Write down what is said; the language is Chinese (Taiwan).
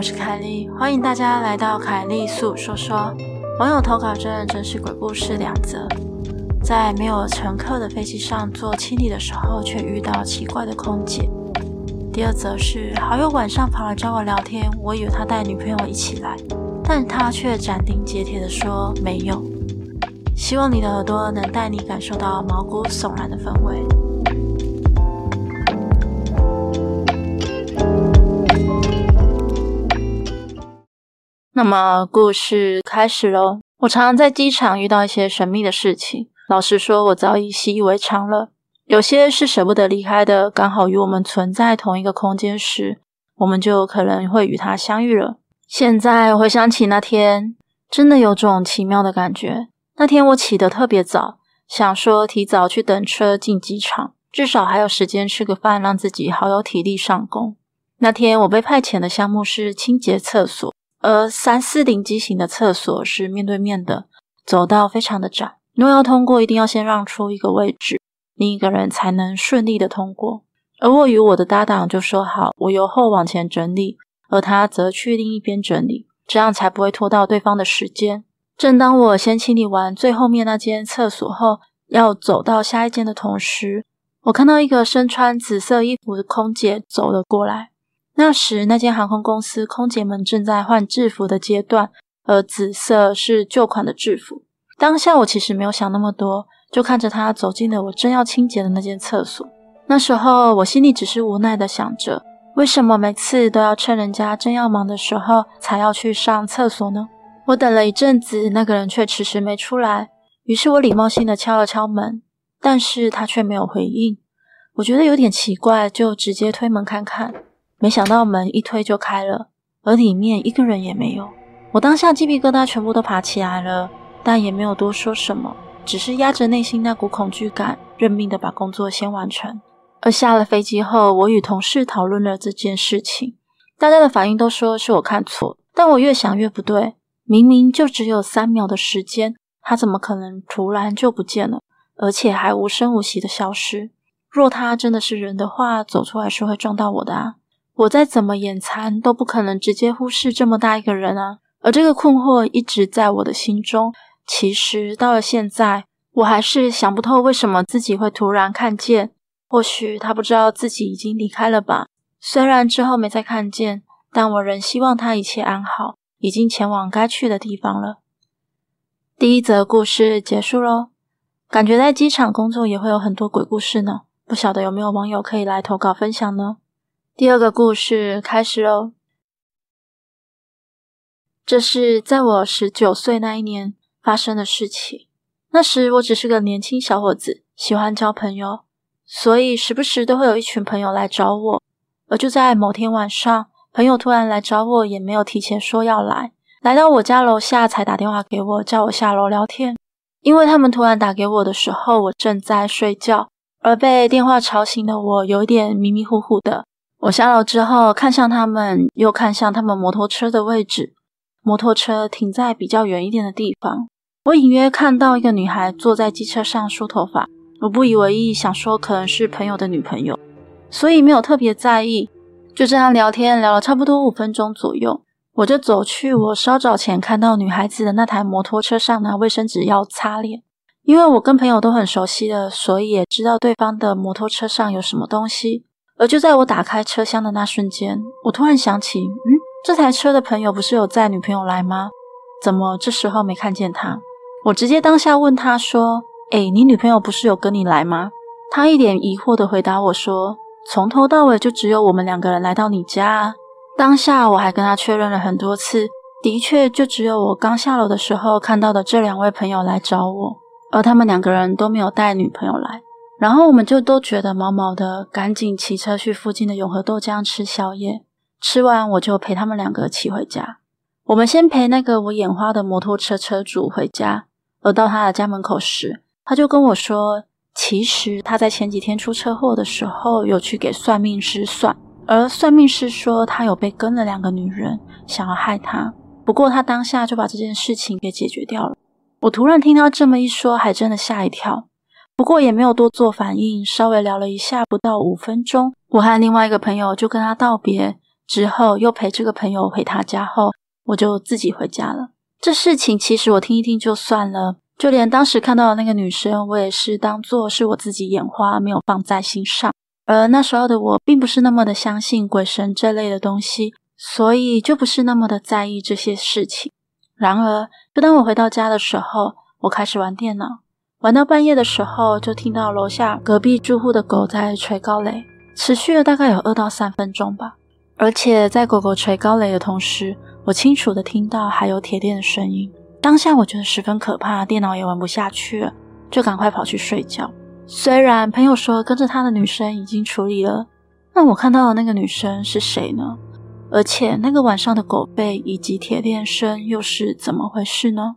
我是凱莉，歡迎大家來到凱莉粟說說。網友投稿真人真事鬼故事兩則：在沒有乘客的飛機上做清理的時候，卻遇到奇怪的空姐；第二則是好友晚上跑來找我聊天，我以為他帶女朋友一起來，但他卻斬釘截鐵地說沒有。希望你的耳朵能帶你感受到毛骨悚然的氛圍。那麼故事開始嘍。我常常在機場遇到一些神秘的事情。老實說，我早已習以為常了。有些是舍不得離開的，剛好與我們存在同一個空間時，我們就可能會與他相遇了。現在回想起那天，真的有種奇妙的感覺。那天我起得特別早，想說提早去等車進機場，至少還有時間吃個飯，讓自己好有體力上工。那天我被派遣的項目是清潔廁所。而三四零機型的廁所是面對面的，走道非常的窄，如果要通過，一定要先讓出一個位置，另一個人才能順利的通過。而我與我的搭檔就說好，我由後往前整理，而他則去另一邊整理，這樣才不會拖到對方的時間。正當我先清理完最後面那間廁所後，要走到下一間的同時，我看到一個身穿紫色衣服的空姐走了過來。那時，那間航空公司空姐們正在換制服的階段，而紫色是舊款的制服。當下我其實沒有想那麼多，就看着她走進了我正要清潔的那間廁所。那時候我心裡只是無奈的想着：為什麼每次都要趁人家正要忙的時候才要去上廁所呢？我等了一陣子，那個人却遲遲沒出來，於是我禮貌性的敲了敲門，但是他却沒有回應。我覺得有點奇怪，就直接推門看看。沒想到門一推就開了，而裡面一個人也沒有。我當下雞皮疙瘩全部都爬起來了，但也沒有多說什麼，只是壓着內心那股恐懼感，認命的把工作先完成。而下了飛機後，我與同事討論了這件事情，大家的反應都說是我看錯，但我越想越不對。明明就只有三秒的時間，他怎麼可能突然就不見了，而且還無聲無息的消失？若他真的是人的話，走出來是會撞到我的啊！我再怎麼眼殘，都不可能直接忽視這麼大一個人啊！而這個困惑一直在我的心中。其實到了現在，我還是想不透為什麼自己會突然看見。或許他不知道自己已經離開了吧。雖然之後沒再看見，但我仍希望他一切安好，已經前往該去的地方了。第一則故事結束嘍。感覺在機場工作也會有很多鬼故事呢。不曉得有沒有網友可以來投稿分享呢？第二個故事開始嘍。這是在我十九歲那一年發生的事情。那時我只是個年輕小伙子，喜歡交朋友，所以時不時都會有一群朋友來找我。而就在某天晚上，朋友突然來找我，也沒有提前說要來，來到我家樓下才打電話給我，叫我下樓聊天。因為他們突然打給我的時候，我正在睡覺，而被電話吵醒的我有點迷迷糊糊的。我下樓之後，看向他們，又看向他們摩托車的位置。摩托車停在比較遠一點的地方。我隱約看到一個女孩坐在機車上梳頭髮，我不以為意，想說可能是朋友的女朋友，所以沒有特別在意。就這樣聊天聊了差不多五分鐘左右，我就走去我稍早前看到女孩子的那台摩托車上拿衛生紙要擦臉。因為我跟朋友都很熟悉的，所以也知道對方的摩托車上有什麼東西。而就在我打開車廂的那瞬間，我突然想起，嗯，這台車的朋友不是有載女朋友來嗎？怎麼這時候沒看見他？我直接當下問他說：“欸，你女朋友不是有跟你來嗎？”他一臉疑惑地回答我說：“從頭到尾就只有我們兩個人來到你家啊。”當下我還跟他確認了很多次，的確就只有我剛下樓的時候看到的這兩位朋友來找我，而他們兩個人都沒有帶女朋友來。然後我們就都覺得毛毛的，趕緊騎車去附近的永和豆漿吃宵夜。吃完我就陪他們兩個騎回家。我們先陪那個我眼花的摩托車車主回家，而到他的家門口時，他就跟我說，其實他在前幾天出車禍的時候有去給算命師算，而算命師說他有被跟了兩個女人想要害他，不過他當下就把這件事情給解決掉了。我突然聽到這麼一說，還真的嚇一跳。不過也沒有多做反應，稍微聊了一下，不到五分鐘，我和另外一個朋友就跟他道別，之後又陪這個朋友回他家後，我就自己回家了。這事情其實我聽一聽就算了，就連當時看到的那個女生，我也是當做是我自己眼花，沒有放在心上。而那時候的我並不是那麼的相信鬼神這類的東西，所以就不是那麼的在意這些事情。然而，就當我回到家的時候，我開始玩電腦。玩到半夜的時候，就聽到樓下隔壁住戶的狗在吹狗螺，持續了大概有二到三分鐘吧。而且在狗狗吹狗螺的同時，我清楚的聽到還有鐵鏈的聲音。當下我覺得十分可怕，電腦也玩不下去了，就趕快跑去睡覺。雖然朋友說跟着他的女生已經處理了，那我看到的那個女生是誰呢？而且那個晚上的狗吠以及鐵鏈聲又是怎麼回事呢？